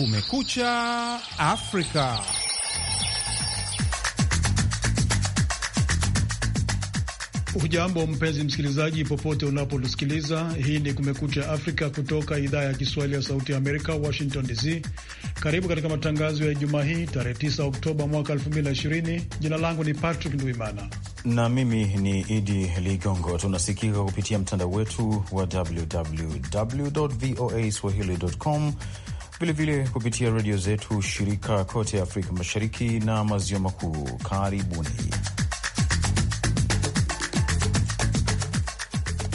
Kumekucha Afrika. Hujambo mpenzi msikilizaji, popote unapotusikiliza. Hii ni Kumekucha Afrika kutoka idhaa ya Kiswahili ya Sauti ya Amerika, Washington DC. Karibu katika matangazo ya Ijumaa hii tarehe 9 Oktoba mwaka 2020. Jina langu ni Patrick Nduimana na mimi ni Idi Ligongo. Tunasikika kupitia mtandao wetu wa www voa swahili.com vilevile kupitia redio zetu shirika kote Afrika Mashariki na Maziwa Makuu. Karibuni.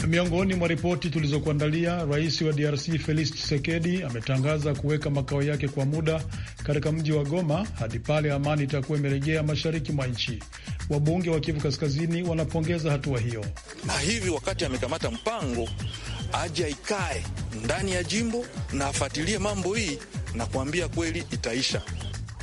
Miongoni mwa ripoti tulizokuandalia, rais wa DRC Felix Tshisekedi ametangaza kuweka makao yake kwa muda katika mji wa Goma hadi pale amani itakuwa imerejea mashariki mwa nchi. Wabunge wa Kivu Kaskazini wanapongeza hatua hiyo, na hivi wakati amekamata mpango aje aikae ndani ya jimbo na afuatilie mambo hii, na kuambia kweli itaisha.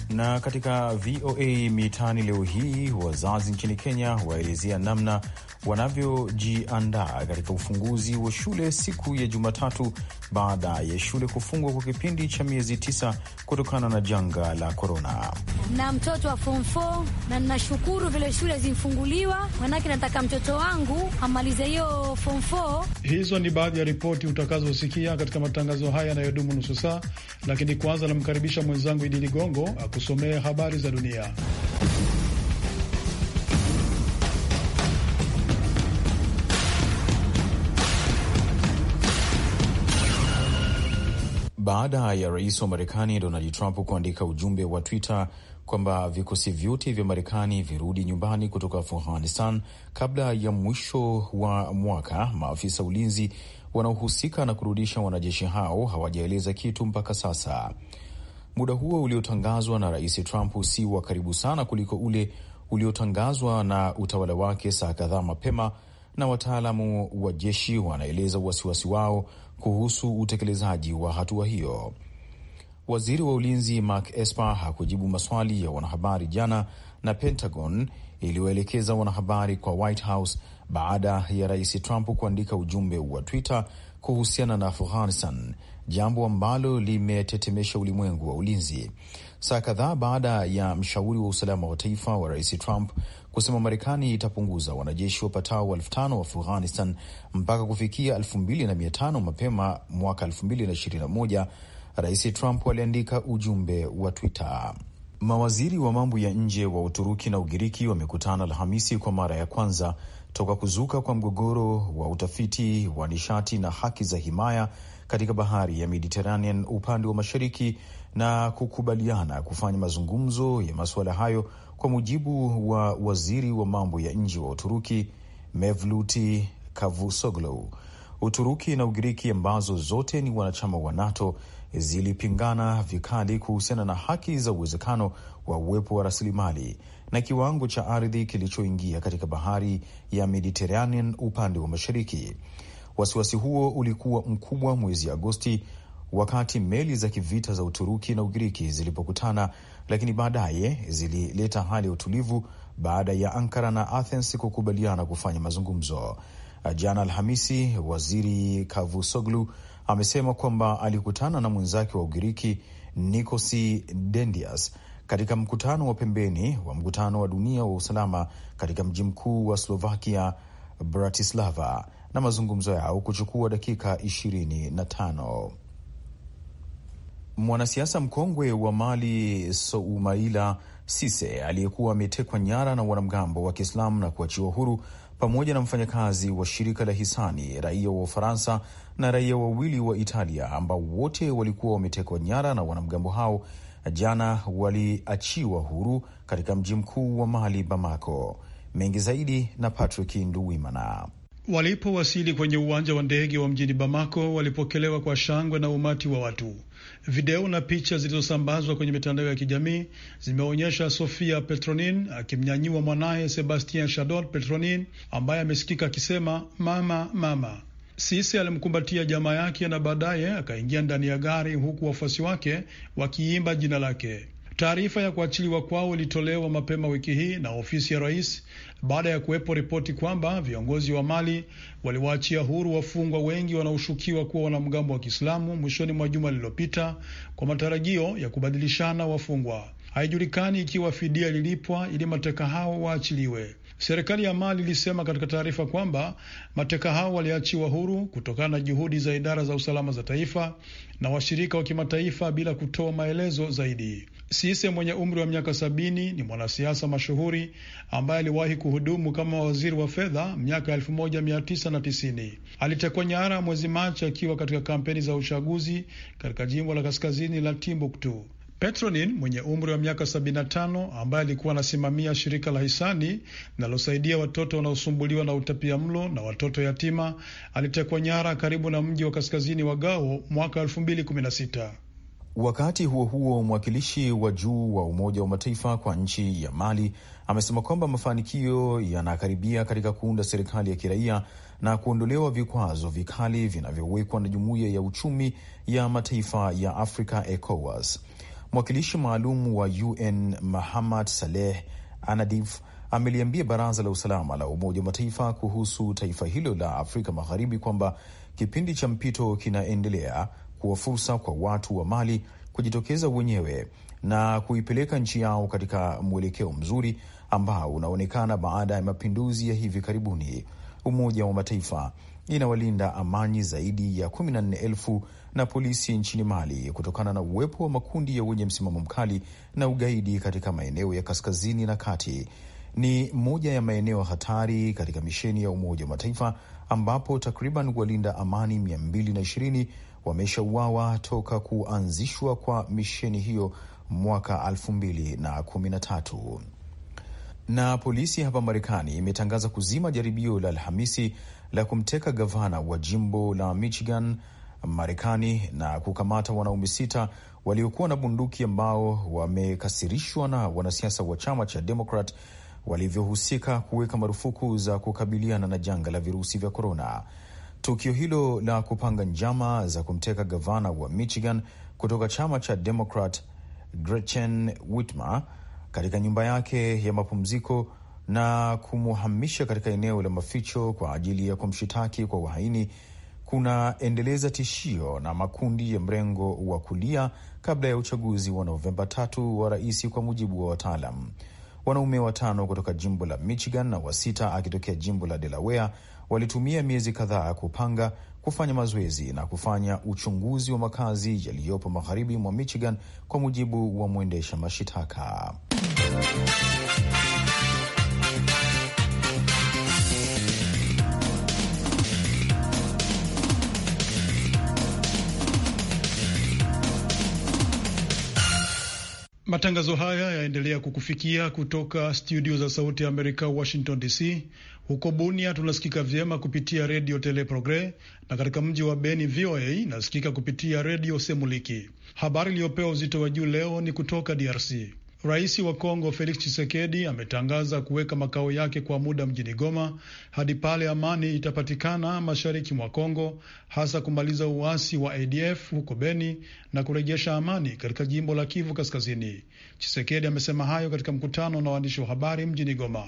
Na katika VOA Mitaani leo hii, wazazi nchini Kenya waelezea namna wanavyojiandaa katika ufunguzi wa shule siku ya Jumatatu baada ya shule kufungwa kwa kipindi cha miezi tisa kutokana na janga la korona. Na mtoto wa form 4 na nashukuru vile shule zimfunguliwa, manake nataka mtoto wangu amalize hiyo form 4. Hizo ni baadhi ya ripoti utakazosikia katika matangazo haya yanayodumu nusu saa, lakini kwanza namkaribisha mwenzangu Idi Ligongo akusomee habari za dunia. baada ya rais wa Marekani Donald Trump kuandika ujumbe wa Twitter kwamba vikosi vyote vya Marekani virudi nyumbani kutoka Afghanistan kabla ya mwisho wa mwaka. Maafisa ulinzi wanaohusika na kurudisha wanajeshi hao hawajaeleza kitu mpaka sasa. Muda huo uliotangazwa na rais Trump si wa karibu sana kuliko ule uliotangazwa na utawala wake saa kadhaa mapema, na wataalamu wa jeshi wanaeleza wasiwasi wao kuhusu utekelezaji wa hatua hiyo. Waziri wa ulinzi Mark Esper hakujibu maswali ya wanahabari jana, na Pentagon iliwaelekeza wanahabari kwa White House baada ya Rais Trump kuandika ujumbe wa Twitter kuhusiana na Afghanistan, jambo ambalo limetetemesha ulimwengu wa ulinzi saa kadhaa baada ya mshauri wa usalama wa taifa wa Rais Trump kusema Marekani itapunguza wanajeshi wapatao elfu tano wa Afghanistan mpaka kufikia elfu mbili na mia tano mapema mwaka elfu mbili na ishirini na moja. Rais Trump aliandika ujumbe wa Twitter. Mawaziri wa mambo ya nje wa Uturuki na Ugiriki wamekutana Alhamisi kwa mara ya kwanza toka kuzuka kwa mgogoro wa utafiti wa nishati na haki za himaya katika bahari ya Mediterranean upande wa mashariki na kukubaliana kufanya mazungumzo ya masuala hayo kwa mujibu wa waziri wa mambo ya nje wa Uturuki, mevluti Cavusoglu, Uturuki na Ugiriki ambazo zote ni wanachama wa NATO zilipingana vikali kuhusiana na haki za uwezekano wa uwepo wa rasilimali na kiwango cha ardhi kilichoingia katika bahari ya Mediterranean upande wa mashariki. Wasiwasi huo ulikuwa mkubwa mwezi Agosti wakati meli za kivita za Uturuki na Ugiriki zilipokutana lakini baadaye zilileta hali ya utulivu baada ya Ankara na Athens kukubaliana kufanya mazungumzo. Jana Alhamisi, waziri Kavusoglu amesema kwamba alikutana na mwenzake wa Ugiriki Nikosi Dendias katika mkutano wa pembeni wa mkutano wa dunia wa usalama katika mji mkuu wa Slovakia, Bratislava, na mazungumzo yao kuchukua dakika ishirini na tano. Mwanasiasa mkongwe wa Mali Soumaila sise aliyekuwa ametekwa nyara na wanamgambo wa Kiislamu na kuachiwa huru pamoja na mfanyakazi wa shirika la hisani, raia wa Ufaransa na raia wawili wa Italia ambao wote walikuwa wametekwa nyara na wanamgambo hao, jana waliachiwa huru katika mji mkuu wa Mali, Bamako. Mengi zaidi na Patrick Nduwimana. Walipowasili kwenye uwanja wa ndege wa mjini Bamako, walipokelewa kwa shangwe na umati wa watu. Video na picha zilizosambazwa kwenye mitandao ya kijamii zimeonyesha Sofia Petronin akimnyanyua mwanaye Sebastien shadot Petronin ambaye amesikika akisema mama, mama. Sisi alimkumbatia jamaa yake na baadaye akaingia ndani ya gari huku wafuasi wake wakiimba jina lake. Taarifa ya kuachiliwa kwao ilitolewa mapema wiki hii na ofisi ya rais baada ya kuwepo ripoti kwamba viongozi wa Mali waliwaachia huru wafungwa wengi wanaoshukiwa kuwa wanamgambo wa Kiislamu mwishoni mwa juma lililopita kwa matarajio ya kubadilishana wafungwa. Haijulikani ikiwa fidia ililipwa ili mateka hao waachiliwe. Serikali ya Mali ilisema katika taarifa kwamba mateka hao waliachiwa huru kutokana na juhudi za idara za usalama za taifa na washirika wa kimataifa bila kutoa maelezo zaidi. Sise mwenye umri wa miaka sabini ni mwanasiasa mashuhuri ambaye aliwahi kuhudumu kama waziri wa fedha miaka elfu moja mia tisini Alitekwa nyara mwezi Machi akiwa katika kampeni za uchaguzi katika jimbo la kaskazini la Timbuktu. Petronin mwenye umri wa miaka 75 ambaye alikuwa anasimamia shirika la hisani linalosaidia watoto wanaosumbuliwa na utapia mlo na watoto yatima alitekwa nyara karibu na mji wa kaskazini wa Gao mwaka Wakati huo huo, mwakilishi wa juu wa Umoja wa Mataifa kwa nchi ya Mali amesema kwamba mafanikio yanakaribia katika kuunda serikali ya kiraia na kuondolewa vikwazo vikali vinavyowekwa na Jumuiya ya Uchumi ya Mataifa ya Afrika, ECOWAS. Mwakilishi maalum wa UN Mahamad Saleh Anadif ameliambia Baraza la Usalama la Umoja wa Mataifa kuhusu taifa hilo la Afrika Magharibi kwamba kipindi cha mpito kinaendelea kuwa fursa kwa watu wa Mali kujitokeza wenyewe na kuipeleka nchi yao katika mwelekeo mzuri ambao unaonekana baada ya mapinduzi ya hivi karibuni. Umoja wa Mataifa inawalinda amani zaidi ya kumi na nne elfu na polisi nchini Mali kutokana na uwepo wa makundi ya wenye msimamo mkali na ugaidi katika maeneo ya kaskazini na kati. Ni moja ya maeneo hatari katika misheni ya Umoja wa Mataifa ambapo takriban walinda amani mia mbili na ishirini wameshauawa toka kuanzishwa kwa misheni hiyo mwaka elfu mbili na kumi na tatu. Na polisi hapa Marekani imetangaza kuzima jaribio la Alhamisi la kumteka gavana wa jimbo la Michigan Marekani na kukamata wanaume sita waliokuwa na bunduki ambao wamekasirishwa na wanasiasa wa chama cha Demokrat walivyohusika kuweka marufuku za kukabiliana na janga la virusi vya korona. Tukio hilo la kupanga njama za kumteka gavana wa Michigan kutoka chama cha Democrat Gretchen Whitmer katika nyumba yake ya mapumziko na kumuhamisha katika eneo la maficho kwa ajili ya kumshitaki kwa uhaini kunaendeleza tishio na makundi ya mrengo wa kulia kabla ya uchaguzi wa Novemba tatu wa rais, kwa mujibu wa wataalam. Wanaume watano kutoka jimbo la Michigan na wasita akitokea jimbo la Delaware walitumia miezi kadhaa kupanga, kufanya mazoezi na kufanya uchunguzi wa makazi yaliyopo magharibi mwa Michigan, kwa mujibu wa mwendesha mashitaka. Matangazo haya yaendelea kukufikia kutoka studio za Sauti ya Amerika, Washington DC. Huko Bunia tunasikika vyema kupitia redio Teleprogre na katika mji wa Beni VOA inasikika kupitia redio Semuliki. Habari iliyopewa uzito wa juu leo ni kutoka DRC. Rais wa Kongo Felix Tshisekedi ametangaza kuweka makao yake kwa muda mjini Goma hadi pale amani itapatikana mashariki mwa Kongo, hasa kumaliza uasi wa ADF huko Beni na kurejesha amani katika jimbo la Kivu Kaskazini. Tshisekedi amesema hayo katika mkutano na waandishi wa habari mjini Goma.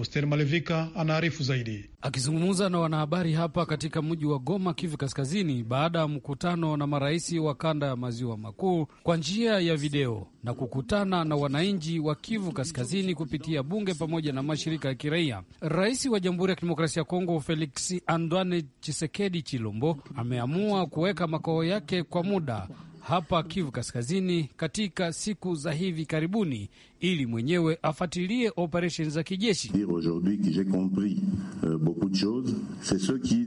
Oster Malevika anaarifu zaidi. Akizungumza na wanahabari hapa katika mji wa Goma, Kivu Kaskazini, baada ya mkutano na marais wa kanda ya maziwa makuu kwa njia ya video na kukutana na wananchi wa Kivu Kaskazini kupitia bunge pamoja na mashirika ya kiraia, rais wa Jamhuri ya Kidemokrasia ya Kongo Felix Antoine chisekedi Chilombo ameamua kuweka makao yake kwa muda hapa Kivu Kaskazini katika siku za hivi karibuni, ili mwenyewe afuatilie operesheni za kijeshi. Euh,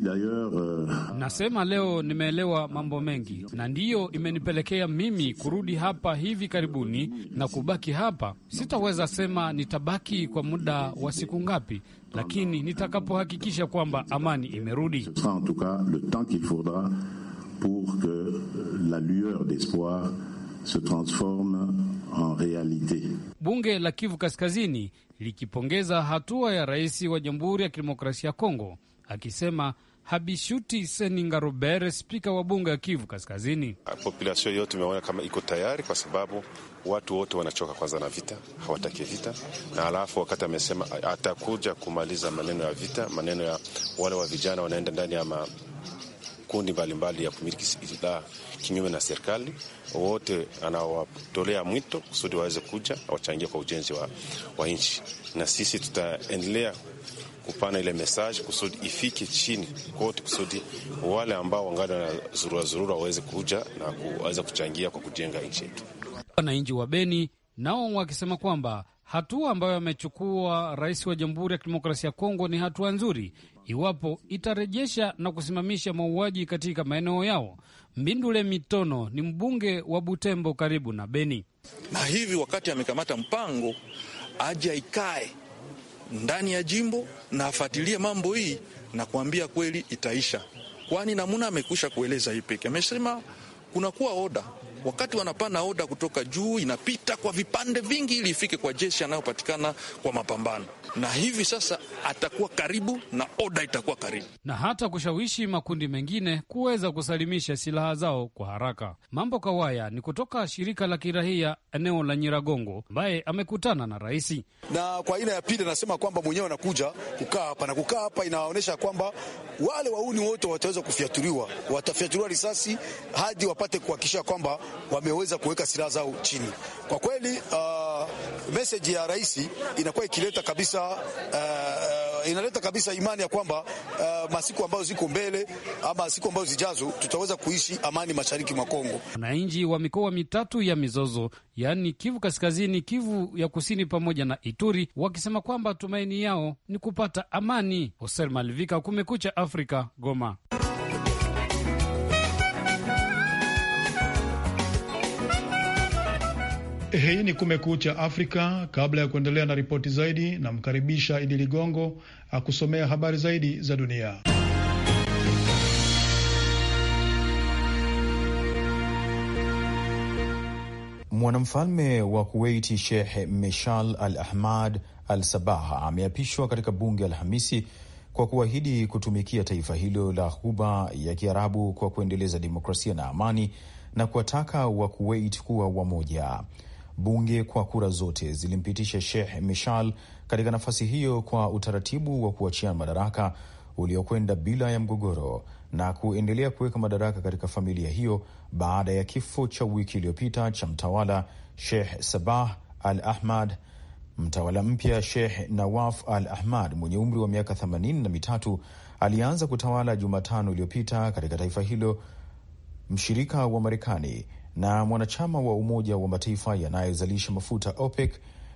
euh, Nasema leo nimeelewa mambo mengi, na ndiyo imenipelekea mimi kurudi hapa hivi karibuni na kubaki hapa. Sitaweza sema nitabaki kwa muda wa siku ngapi, lakini nitakapohakikisha kwamba amani imerudi Pour que la lueur d'espoir se transforme en réalité. Bunge la Kivu Kaskazini likipongeza hatua ya rais wa Jamhuri ya Kidemokrasia ya Kongo akisema Habishuti Seninga Robert, spika wa bunge ya Kivu Kaskazini, ah, populasion yote imeona kama iko tayari, kwa sababu watu wote wanachoka kwanza na vita, hawataki vita. Na alafu wakati amesema atakuja kumaliza maneno ya vita, maneno ya wale wa vijana wanaenda ndani ya ma makundi mbalimbali ya kumiliki silaha kinyume na serikali, wote anawatolea mwito kusudi waweze kuja wachangia kwa ujenzi wa, wa nchi, na sisi tutaendelea kupana ile mesaji kusudi ifike chini kote, kusudi wale ambao wangali na zururazurura waweze kuja na kuweza kuchangia kwa kujenga nchi yetu. Wananchi wa Beni nao wakisema kwamba hatua ambayo amechukua rais wa Jamhuri ya Kidemokrasia ya Kongo ni hatua nzuri iwapo itarejesha na kusimamisha mauaji katika maeneo yao. Mbindule Mitono ni mbunge wa Butembo karibu na Beni. Na hivi wakati amekamata mpango aje aikae ndani ya jimbo na afuatilie mambo hii na kuambia kweli itaisha, kwani namuna amekusha kueleza hii peke. Amesema kunakuwa oda Wakati wanapana oda kutoka juu, inapita kwa vipande vingi ili ifike kwa jeshi anayopatikana kwa mapambano na hivi sasa atakuwa karibu na oda itakuwa karibu, na hata kushawishi makundi mengine kuweza kusalimisha silaha zao kwa haraka. Mambo Kawaya ni kutoka shirika la kirahia eneo la Nyiragongo, ambaye amekutana na raisi. Na kwa aina ya pili anasema kwamba mwenyewe anakuja kukaa hapa na kukaa hapa inaonyesha kwamba wale wauni wote wataweza kufyatuliwa, watafyatuliwa risasi hadi wapate kuhakikisha kwamba wameweza kuweka silaha zao chini. Kwa kweli uh, meseji ya rais inakuwa ikileta kabisa uh, uh, inaleta kabisa imani ya kwamba uh, masiku ambayo ziko mbele ama siku ambayo zijazo tutaweza kuishi amani mashariki mwa Kongo. Wananchi wa mikoa mitatu ya mizozo, yaani Kivu Kaskazini, Kivu ya Kusini pamoja na Ituri, wakisema kwamba tumaini yao ni kupata amani. Hoser Malivika, Kumekucha Afrika, Goma. Hii ni Kumekucha Afrika. Kabla ya kuendelea na ripoti zaidi, namkaribisha Idi Ligongo akusomea habari zaidi za dunia. Mwanamfalme wa Kuwaiti Sheikh Meshal Al Ahmad Al Sabaha ameapishwa katika bunge Alhamisi kwa kuahidi kutumikia taifa hilo la Ghuba ya Kiarabu kwa kuendeleza demokrasia na amani na kuwataka Wakuwait kuwa wamoja bunge kwa kura zote zilimpitisha Sheikh Mishal katika nafasi hiyo kwa utaratibu wa kuachia madaraka uliokwenda bila ya mgogoro na kuendelea kuweka madaraka katika familia hiyo baada ya kifo cha wiki iliyopita cha mtawala Sheikh Sabah Al Ahmad. Mtawala mpya Sheikh Nawaf Al Ahmad mwenye umri wa miaka themanini na mitatu alianza kutawala Jumatano iliyopita katika taifa hilo mshirika wa Marekani na mwanachama wa Umoja wa Mataifa yanayozalisha mafuta OPEC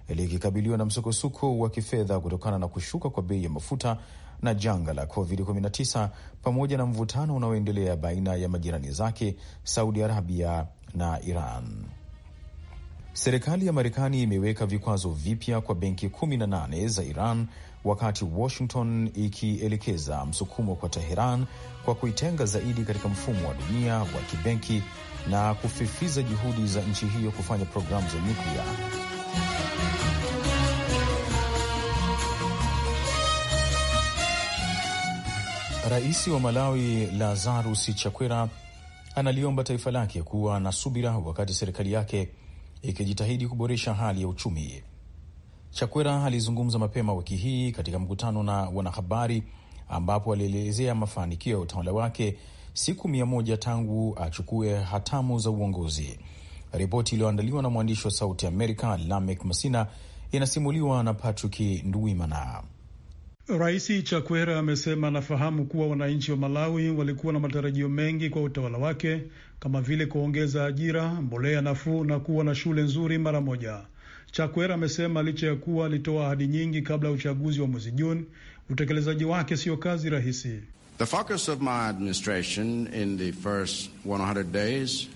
likikabiliwa na msukosuko wa kifedha kutokana na kushuka kwa bei ya mafuta na janga la COVID-19 pamoja na mvutano unaoendelea baina ya majirani zake Saudi Arabia na Iran. Serikali ya Marekani imeweka vikwazo vipya kwa benki 18 za Iran wakati Washington ikielekeza msukumo kwa Teheran kwa kuitenga zaidi katika mfumo wa dunia wa kibenki na kufifiza juhudi za nchi hiyo kufanya programu za nyuklia. Rais wa Malawi Lazarus Chakwera analiomba taifa lake kuwa na subira wakati serikali yake ikijitahidi kuboresha hali ya uchumi. Chakwera alizungumza mapema wiki hii katika mkutano na wanahabari ambapo alielezea mafanikio ya utawala wake siku mia moja tangu achukue hatamu za uongozi. Ripoti iliyoandaliwa na mwandishi wa Sauti Amerika Lamek Masina inasimuliwa na Patrick nduimana Rais Chakwera amesema anafahamu kuwa wananchi wa Malawi walikuwa na matarajio mengi kwa utawala wake, kama vile kuongeza ajira, mbolea nafuu na kuwa na shule nzuri mara moja. Chakwera amesema licha ya kuwa alitoa ahadi nyingi kabla ya uchaguzi wa mwezi Juni, utekelezaji wake sio kazi rahisi. The focus of my administration in the first 100 days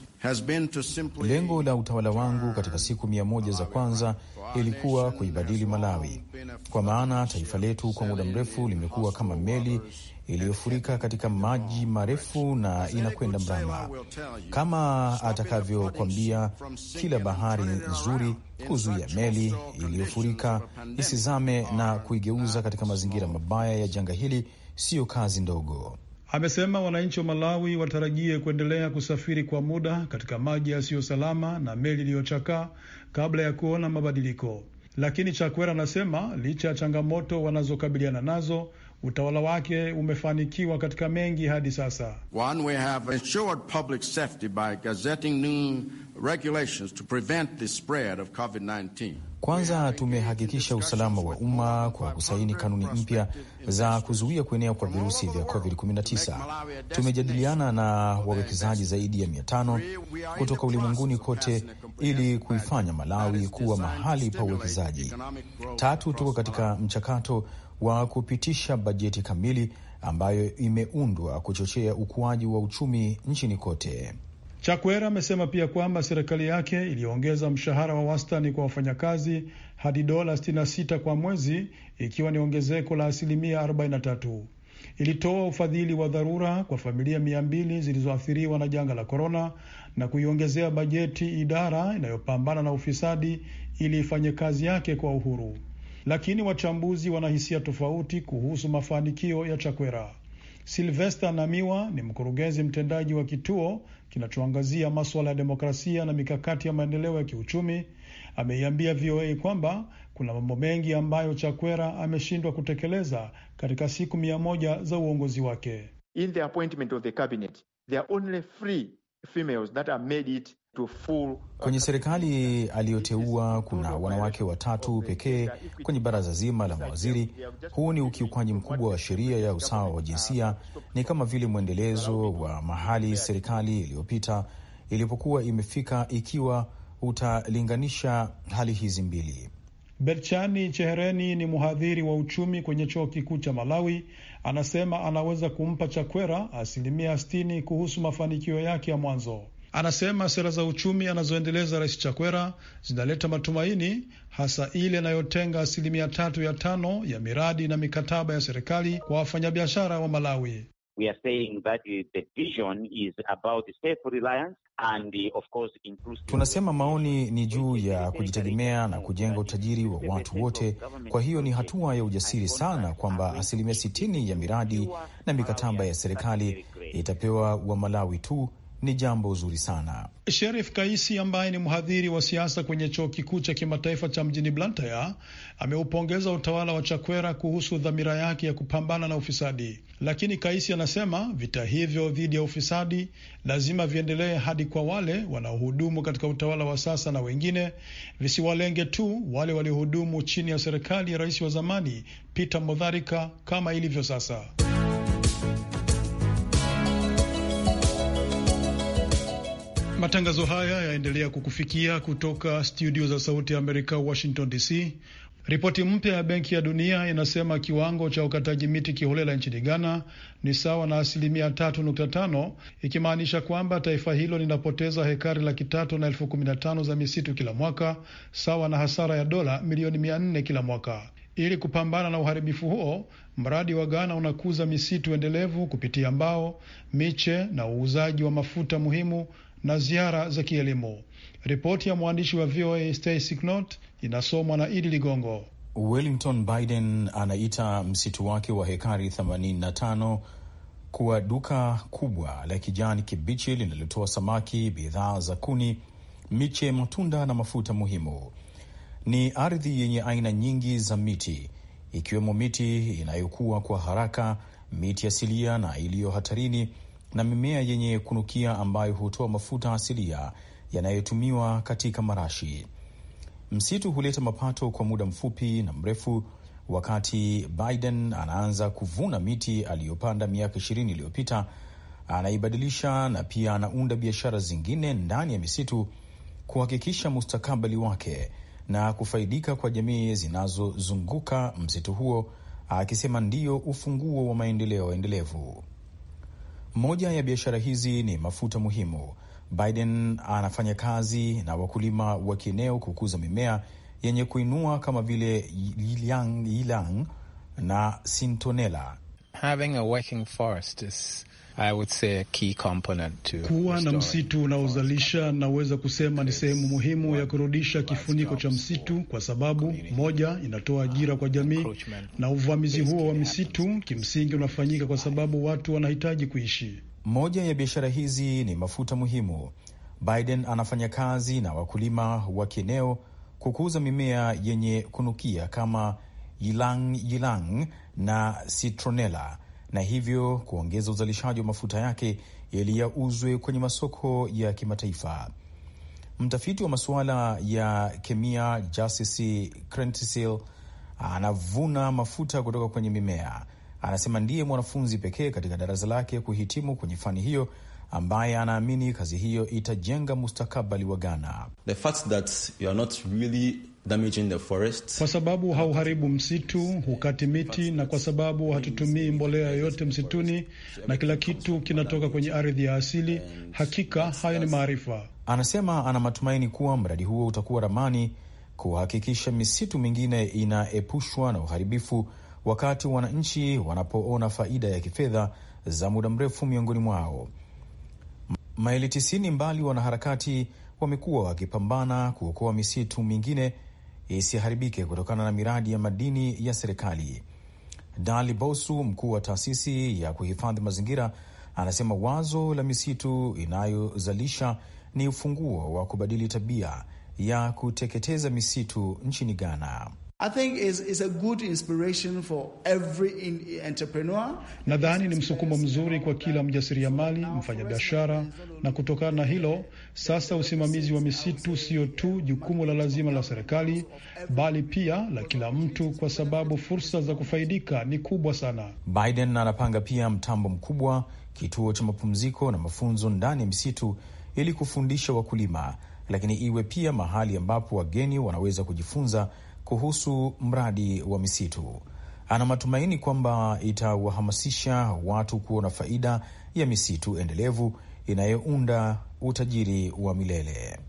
Lengo la utawala wangu katika siku mia moja za kwanza ilikuwa kuibadili Malawi, kwa maana taifa letu kwa muda mrefu limekuwa kama meli iliyofurika katika maji marefu na inakwenda mrama. Kama atakavyokwambia kila bahari nzuri, kuzuia meli iliyofurika isizame na kuigeuza katika mazingira mabaya ya janga hili siyo kazi ndogo amesema wananchi wa Malawi watarajie kuendelea kusafiri kwa muda katika maji yasiyo salama na meli iliyochakaa kabla ya kuona mabadiliko. Lakini Chakwera anasema licha ya changamoto wanazokabiliana nazo utawala wake umefanikiwa katika mengi hadi sasa. One, we have ensured public safety by gazetting new regulations to prevent the spread of COVID-19. Kwanza tumehakikisha usalama wa umma kwa kusaini kanuni mpya za kuzuia kuenea kwa virusi vya COVID-19. Tumejadiliana na wawekezaji zaidi ya mia tano kutoka ulimwenguni kote ili kuifanya Malawi kuwa mahali pa uwekezaji. Tatu, tuko katika mchakato wa kupitisha bajeti kamili ambayo imeundwa kuchochea ukuaji wa uchumi nchini kote. Chakwera amesema pia kwamba serikali yake iliongeza mshahara wa wastani kwa wafanyakazi hadi dola 66 kwa mwezi, ikiwa ni ongezeko la asilimia 43. Ilitoa ufadhili wa dharura kwa familia mia mbili zilizoathiriwa na janga la korona na kuiongezea bajeti idara inayopambana na ufisadi ili ifanye kazi yake kwa uhuru lakini wachambuzi wanahisia tofauti kuhusu mafanikio ya Chakwera. Silvesta Namiwa ni mkurugenzi mtendaji wa kituo kinachoangazia maswala ya demokrasia na mikakati ya maendeleo ya kiuchumi. Ameiambia VOA kwamba kuna mambo mengi ambayo Chakwera ameshindwa kutekeleza katika siku mia moja za uongozi wake. In the appointment of the cabinet, there are only three females that made it Uh, kwenye serikali aliyoteua kuna wanawake watatu pekee kwenye baraza zima la mawaziri. Huu ni ukiukwaji mkubwa wa sheria ya usawa wa jinsia. Ni kama vile mwendelezo wa mahali serikali iliyopita ilipokuwa imefika, ikiwa utalinganisha hali hizi mbili. Berchani Chehereni ni mhadhiri wa uchumi kwenye chuo kikuu cha Malawi. Anasema anaweza kumpa Chakwera asilimia 60 kuhusu mafanikio yake ya mwanzo. Anasema sera za uchumi anazoendeleza Rais Chakwera zinaleta matumaini, hasa ile inayotenga asilimia tatu ya tano ya miradi na mikataba ya serikali kwa wafanyabiashara wa Malawi. We are saying that the vision is about self-reliance and of course inclusive. Tunasema maoni ni juu ya kujitegemea na kujenga utajiri wa watu wote. Kwa hiyo ni hatua ya ujasiri sana kwamba asilimia sitini ya miradi na mikataba ya serikali itapewa wa malawi tu ni jambo zuri sana. Sherif Kaisi ambaye ni mhadhiri wa siasa kwenye chuo kikuu cha kimataifa cha mjini Blantyre ameupongeza utawala wa Chakwera kuhusu dhamira yake ya kupambana na ufisadi, lakini Kaisi anasema vita hivyo dhidi ya ufisadi lazima viendelee hadi kwa wale wanaohudumu katika utawala wa sasa na wengine, visiwalenge tu wale waliohudumu chini ya serikali ya rais wa zamani Peter Mutharika kama ilivyo sasa. Matangazo haya yaendelea kukufikia kutoka studio za Sauti ya Amerika, Washington DC. Ripoti mpya ya Benki ya Dunia inasema kiwango cha ukataji miti kiholela nchini Ghana ni sawa na asilimia 35 ikimaanisha kwamba taifa hilo linapoteza hekari laki tatu na elfu kumi na tano za misitu kila mwaka, sawa na hasara ya dola milioni 4 kila mwaka. Ili kupambana na uharibifu huo, mradi wa Ghana unakuza misitu endelevu kupitia mbao, miche na uuzaji wa mafuta muhimu na ziara za kielimu. Ripoti ya mwandishi wa VOA Stacey Knott inasomwa na Idi Ligongo. Wellington Biden anaita msitu wake wa hekari 85 kuwa duka kubwa la kijani kibichi linalotoa samaki, bidhaa za kuni, miche, matunda na mafuta muhimu. Ni ardhi yenye aina nyingi za miti ikiwemo miti inayokuwa kwa haraka, miti asilia na iliyo hatarini na mimea yenye kunukia ambayo hutoa mafuta asilia yanayotumiwa katika marashi. Msitu huleta mapato kwa muda mfupi na mrefu. Wakati Biden anaanza kuvuna miti aliyopanda miaka ishirini iliyopita, anaibadilisha na pia anaunda biashara zingine ndani ya misitu kuhakikisha mustakabali wake na kufaidika kwa jamii zinazozunguka msitu huo, akisema ndiyo ufunguo wa maendeleo endelevu. Moja ya biashara hizi ni mafuta muhimu. Biden anafanya kazi na wakulima wa kieneo kukuza mimea yenye kuinua kama vile yilang na sintonela. Having a working forest is I would say a key component to kuwa na msitu unaozalisha naweza kusema ni sehemu muhimu ya kurudisha kifuniko cha msitu, kwa sababu moja, inatoa ajira kwa jamii, na uvamizi huo wa misitu kimsingi unafanyika kwa sababu watu wanahitaji kuishi. Moja ya biashara hizi ni mafuta muhimu. Biden anafanya kazi na wakulima wa kieneo kukuza mimea yenye kunukia kama ylang ylang na citronella na hivyo kuongeza uzalishaji wa mafuta yake yaliyauzwe kwenye masoko ya kimataifa. Mtafiti wa masuala ya kemia Justus Crentisil anavuna mafuta kutoka kwenye mimea. Anasema ndiye mwanafunzi pekee katika darasa lake kuhitimu kwenye fani hiyo ambaye anaamini kazi hiyo itajenga mustakabali wa Ghana. The fact that you are not really kwa sababu hauharibu msitu, hukati miti, na kwa sababu hatutumii mbolea yoyote msituni na kila kitu kinatoka kwenye ardhi ya asili. Hakika hayo ni maarifa. Anasema ana matumaini kuwa mradi huo utakuwa ramani kuhakikisha misitu mingine inaepushwa na uharibifu, wakati wananchi wanapoona faida ya kifedha za muda mrefu miongoni mwao. Maili tisini mbali wanaharakati wamekuwa wakipambana kuokoa misitu mingine isiharibike kutokana na miradi ya madini ya serikali. Dali Bosu, mkuu wa taasisi ya kuhifadhi mazingira, anasema wazo la misitu inayozalisha ni ufunguo wa kubadili tabia ya kuteketeza misitu nchini Ghana. Nadhani ni msukumo mzuri kwa kila mjasiriamali, mfanyabiashara, na kutokana na hilo sasa usimamizi wa misitu sio tu jukumu la lazima la serikali, bali pia la kila mtu, kwa sababu fursa za kufaidika ni kubwa sana. Biden anapanga pia mtambo mkubwa, kituo cha mapumziko na mafunzo ndani ya misitu ili kufundisha wakulima, lakini iwe pia mahali ambapo wageni wanaweza kujifunza kuhusu mradi wa misitu. Ana matumaini kwamba itawahamasisha watu kuona faida ya misitu endelevu inayounda utajiri wa milele.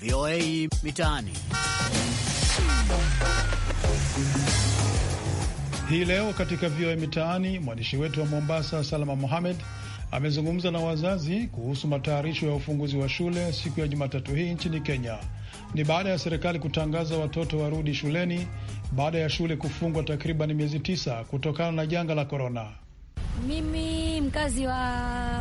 VOA Mitaani. Hii leo katika VOA Mitaani, mwandishi wetu wa Mombasa Salama Mohamed amezungumza na wazazi kuhusu matayarisho ya ufunguzi wa shule siku ya Jumatatu hii nchini Kenya. Ni baada ya serikali kutangaza watoto warudi shuleni baada ya shule kufungwa takriban miezi tisa kutokana na janga la korona. Mimi mkazi wa,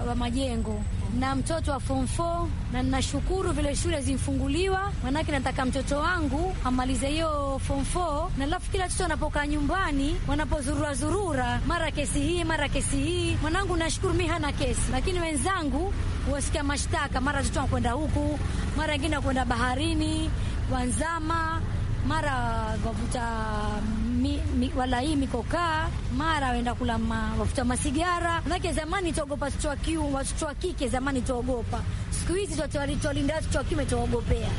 wa Majengo na mtoto wa form 4 na ninashukuru vile shule zimfunguliwa manake nataka mtoto wangu amalize hiyo form 4. Na alafu kila mtoto anapokaa nyumbani, wanapozurura zurura, mara kesi hii mara kesi hii. Mwanangu nashukuru mimi hana kesi, lakini wenzangu wasikia mashtaka, mara mtoto anakwenda huku, mara wengine anakwenda baharini, wanzama, mara wavuta mi, mi, wala hii mikokaa mara waenda kula mafuta masigara. Manake zamani tuogopa watoto wa kiume, kike zamani tuogopa, siku hizi twalinda watoto wa kiume tuogopea.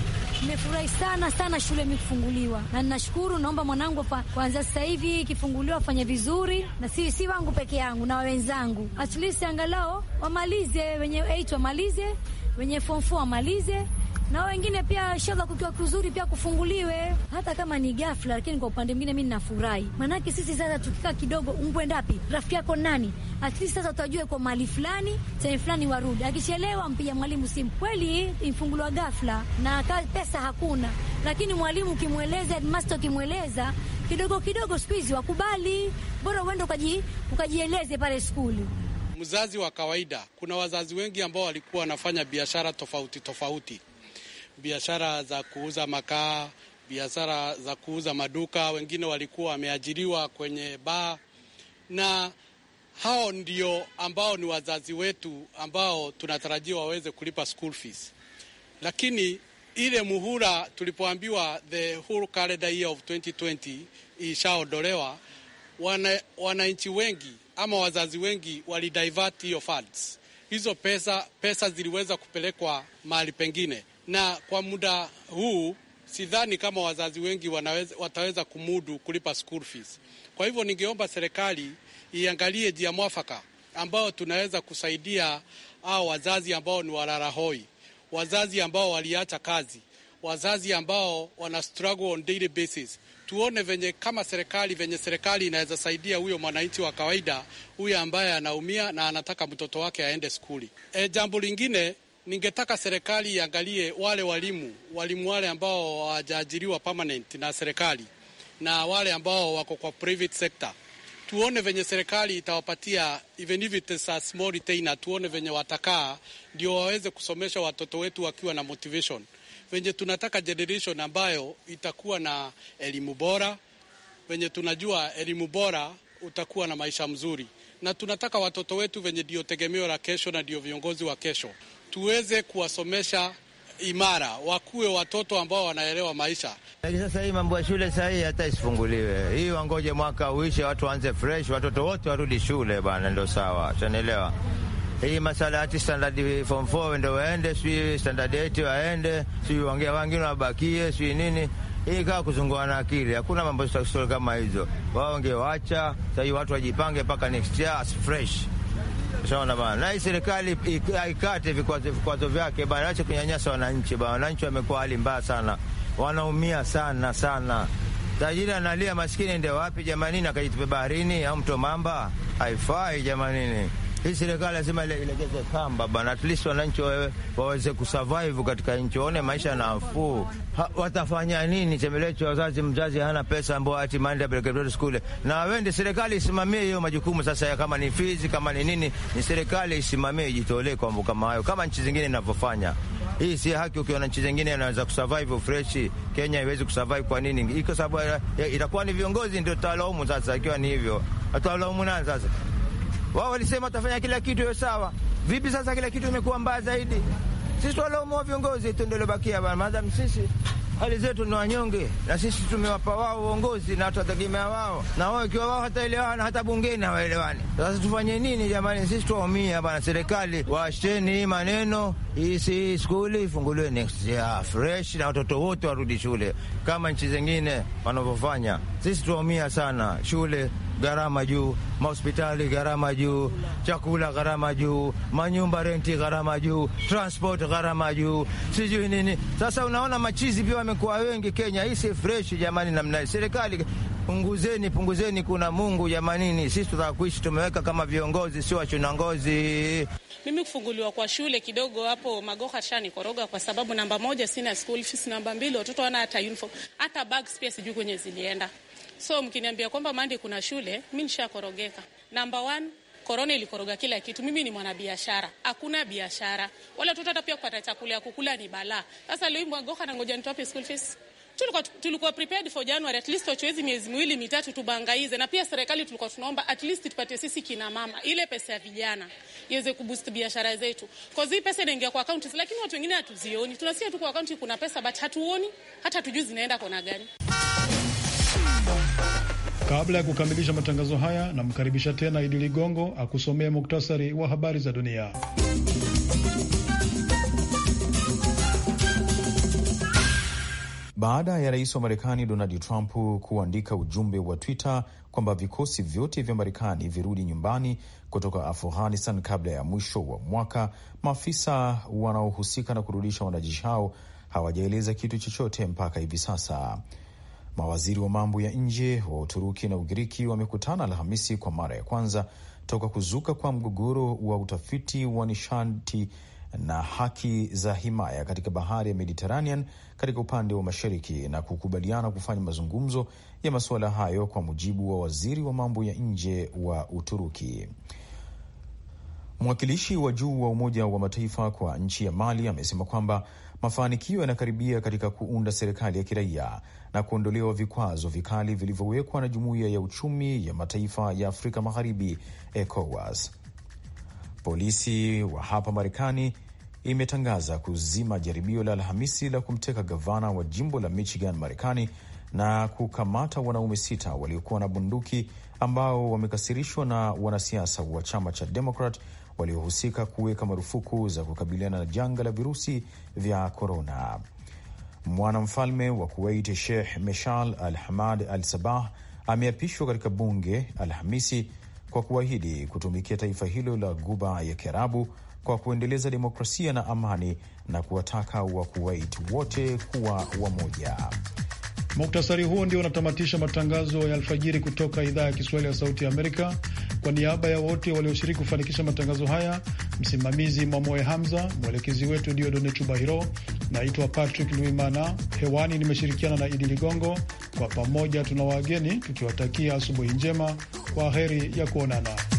Nimefurahi sana sana shule imekufunguliwa na ninashukuru. Naomba mwanangu fa, kwanza, sasa hivi ikifunguliwa afanye vizuri, na si, si wangu peke yangu na wenzangu, at least angalau wamalize wenye 8 wamalize wenye form 4 wamalize na wengine pia shamba kukiwa kuzuri pia kufunguliwe, hata kama ni ghafla, lakini kwa upande mwingine mimi nafurahi, maanake sisi sasa tukikaa kidogo, ungwendapi rafiki yako nani, at sasa utajue kwa mali fulani sehemu fulani warudi, akichelewa mpiga mwalimu simu. Kweli ifunguliwa ghafla na pesa hakuna, lakini mwalimu ukimweleza, headmaster ukimweleza kidogo kidogo, siku hizi wakubali, bora uende ukaji, ukajieleze pale skuli mzazi wa kawaida. Kuna wazazi wengi ambao walikuwa wanafanya biashara tofauti tofauti, biashara za kuuza makaa, biashara za kuuza maduka, wengine walikuwa wameajiriwa kwenye baa, na hao ndio ambao ni wazazi wetu ambao tunatarajia waweze kulipa school fees, lakini ile muhula tulipoambiwa the whole calendar year of 2020 ishaondolewa, wananchi wana wengi ama wazazi wengi walidivert hiyo funds, hizo pesa, pesa ziliweza kupelekwa mahali pengine na kwa muda huu sidhani kama wazazi wengi wanaweza, wataweza kumudu kulipa school fees. Kwa hivyo ningeomba serikali iangalie njia mwafaka ambayo tunaweza kusaidia hao wazazi ambao ni walalahoi, wazazi ambao waliacha kazi, wazazi ambao wana struggle on daily basis. Tuone venye kama serikali venye serikali inaweza saidia huyo mwananchi wa kawaida huyo ambaye anaumia na anataka mtoto wake aende skuli. E, jambo lingine Ningetaka serikali iangalie wale walimu walimu wale ambao hawajaajiriwa permanent na serikali na wale ambao wako kwa private sector, tuone venye serikali itawapatia even if it is a small retainer, tuone venye watakaa ndio waweze kusomesha watoto wetu wakiwa na motivation. Venye tunataka generation ambayo itakuwa na elimu bora, venye tunajua elimu bora utakuwa na maisha mzuri, na tunataka watoto wetu venye ndio tegemeo la kesho na ndio viongozi wa kesho tuweze kuwasomesha imara, wakuwe watoto ambao wanaelewa maisha. Sasa hii mambo ya shule saa hii hata isifunguliwe, hii wangoje mwaka uishe, watu waanze fresh, watoto wote warudi shule bwana, ndo sawa, chanaelewa hii masala ati standard form 4 ndo waende, sijui standard 8 waende, sijui wangia wangine wabakie, sijui nini hii kaa kuzungua na akili, hakuna mambo kama hizo. Wao wangewacha sahii, watu wajipange mpaka next year as fresh. Ushaona bana, na hii serikali ikate vikwazo vikwazo vyake bana, acha kunyanyasa wananchi bana. Wananchi wamekuwa hali mbaya sana, wanaumia sana sana. Tajiri analia, maskini ndio wapi jamanini? Akajitupe baharini au mto mamba? Haifai jamanini. Hii serikali lazima ilegeze kamba bana, at least wananchi waweze kusurvive katika nchi, waone maisha nafuu. Watafanya nini? Chembelecho wazazi, mzazi hana pesa, ambao ati manda pelekea skule na wende. Serikali isimamie hiyo majukumu sasa, kama ni fizi, kama ni nini, ni serikali isimamie, ijitolee kwa mambo kama hayo, kama nchi zingine inavyofanya. Hii si haki. Ukiona nchi zingine inaweza kusurvive freshi, Kenya haiwezi kusurvive. Kwa nini? Iko sababu itakuwa ni viongozi ndio tutalaumu sasa. Ikiwa ni hivyo, atalaumu nani sasa? Wao walisema watafanya kila kitu iwe sawa. Vipi sasa kila kitu imekuwa mbaya zaidi? Sisi walaumua viongozi tu ndio lobakia bana, madam sisi hali zetu ni wanyonge, na sisi tumewapa wao uongozi na tutategemea wao, na wao ikiwa wao hataelewana hata bungeni hawaelewani. Sasa tufanye nini jamani? Sisi tuwaumia bana. Serikali washeni hii maneno hii, si skuli ifunguliwe next year fresh na watoto wote warudi shule kama nchi zingine wanavyofanya. Sisi tuwaumia sana shule gharama juu, mahospitali gharama juu, chakula gharama juu, manyumba renti gharama juu, transport gharama juu, sijui nini. Sasa unaona machizi pia wamekuwa wengi Kenya. Hii si fresh jamani, namna serikali Punguzeni, punguzeni, kuna Mungu jamanini. Sisi tutaka kuishi, tumeweka kama viongozi, sio wachuna ngozi. Mimi kufunguliwa kwa shule kidogo hapo Magoha shani koroga, kwa sababu namba moja, sina school fees, namba mbili, watoto wana hata uniform, hata bags pia sijui kwenye zilienda. So mkiniambia kwamba Mande kuna shule, mi nishakorogeka. Namba one, korona ilikoroga kila kitu. Mimi ni mwanabiashara, hakuna biashara wala watoto hata pia kupata chakula ya kukula ni balaa. Sasa leo mwagoka na ngoja nitope school fees Tulikuwa, tulikuwa prepared for January at least wachoezi miezi miwili mitatu tubangaize, na pia serikali tulikuwa tunaomba at least tupate sisi kina mama ile pesa ya vijana iweze kuboost biashara zetu, kwa hii pesa inaingia kwa account, lakini watu wengine hatuzioni. Tunasikia tu kwa account kuna pesa but hatuoni hata tujui zinaenda kona gani. Kabla ya kukamilisha matangazo haya, namkaribisha tena Idi Ligongo akusomea muktasari wa habari za dunia. Baada ya rais wa Marekani Donald Trump kuandika ujumbe wa Twitter kwamba vikosi vyote vya Marekani virudi nyumbani kutoka Afghanistan kabla ya mwisho wa mwaka, maafisa wanaohusika na kurudisha wanajeshi hao hawajaeleza kitu chochote mpaka hivi sasa. Mawaziri wa mambo ya nje wa Uturuki na Ugiriki wamekutana Alhamisi kwa mara ya kwanza toka kuzuka kwa mgogoro wa utafiti wa nishati na haki za himaya katika bahari ya Mediteranean katika upande wa mashariki na kukubaliana kufanya mazungumzo ya masuala hayo, kwa mujibu wa waziri wa mambo ya nje wa Uturuki. Mwakilishi wa juu wa Umoja wa Mataifa kwa nchi ya Mali amesema kwamba mafanikio yanakaribia katika kuunda serikali ya kiraia na kuondolewa vikwazo vikali vilivyowekwa na Jumuiya ya Uchumi ya Mataifa ya Afrika Magharibi, ECOWAS. Polisi wa hapa Marekani imetangaza kuzima jaribio la Alhamisi la kumteka gavana wa jimbo la Michigan, Marekani, na kukamata wanaume sita waliokuwa na bunduki ambao wamekasirishwa na wanasiasa wa chama cha Demokrat waliohusika kuweka marufuku za kukabiliana na janga la virusi vya korona. Mwanamfalme wa Kuwait Sheikh Meshal Al Hamad Al Sabah ameapishwa katika bunge Alhamisi kwa kuahidi kutumikia taifa hilo la guba ya Kiarabu kwa kuendeleza demokrasia na amani na kuwataka Wakuwait wote kuwa wamoja. Muktasari huo ndio unatamatisha matangazo ya alfajiri kutoka idhaa ya Kiswahili ya Sauti ya Amerika. Kwa niaba ya wote walioshiriki kufanikisha matangazo haya, msimamizi Mwamoe Hamza, mwelekezi wetu Diodone Chubahiro. Naitwa Patrick Luimana, hewani nimeshirikiana na Idi Ligongo. Kwa pamoja tuna wageni tukiwatakia asubuhi njema, kwa heri ya kuonana.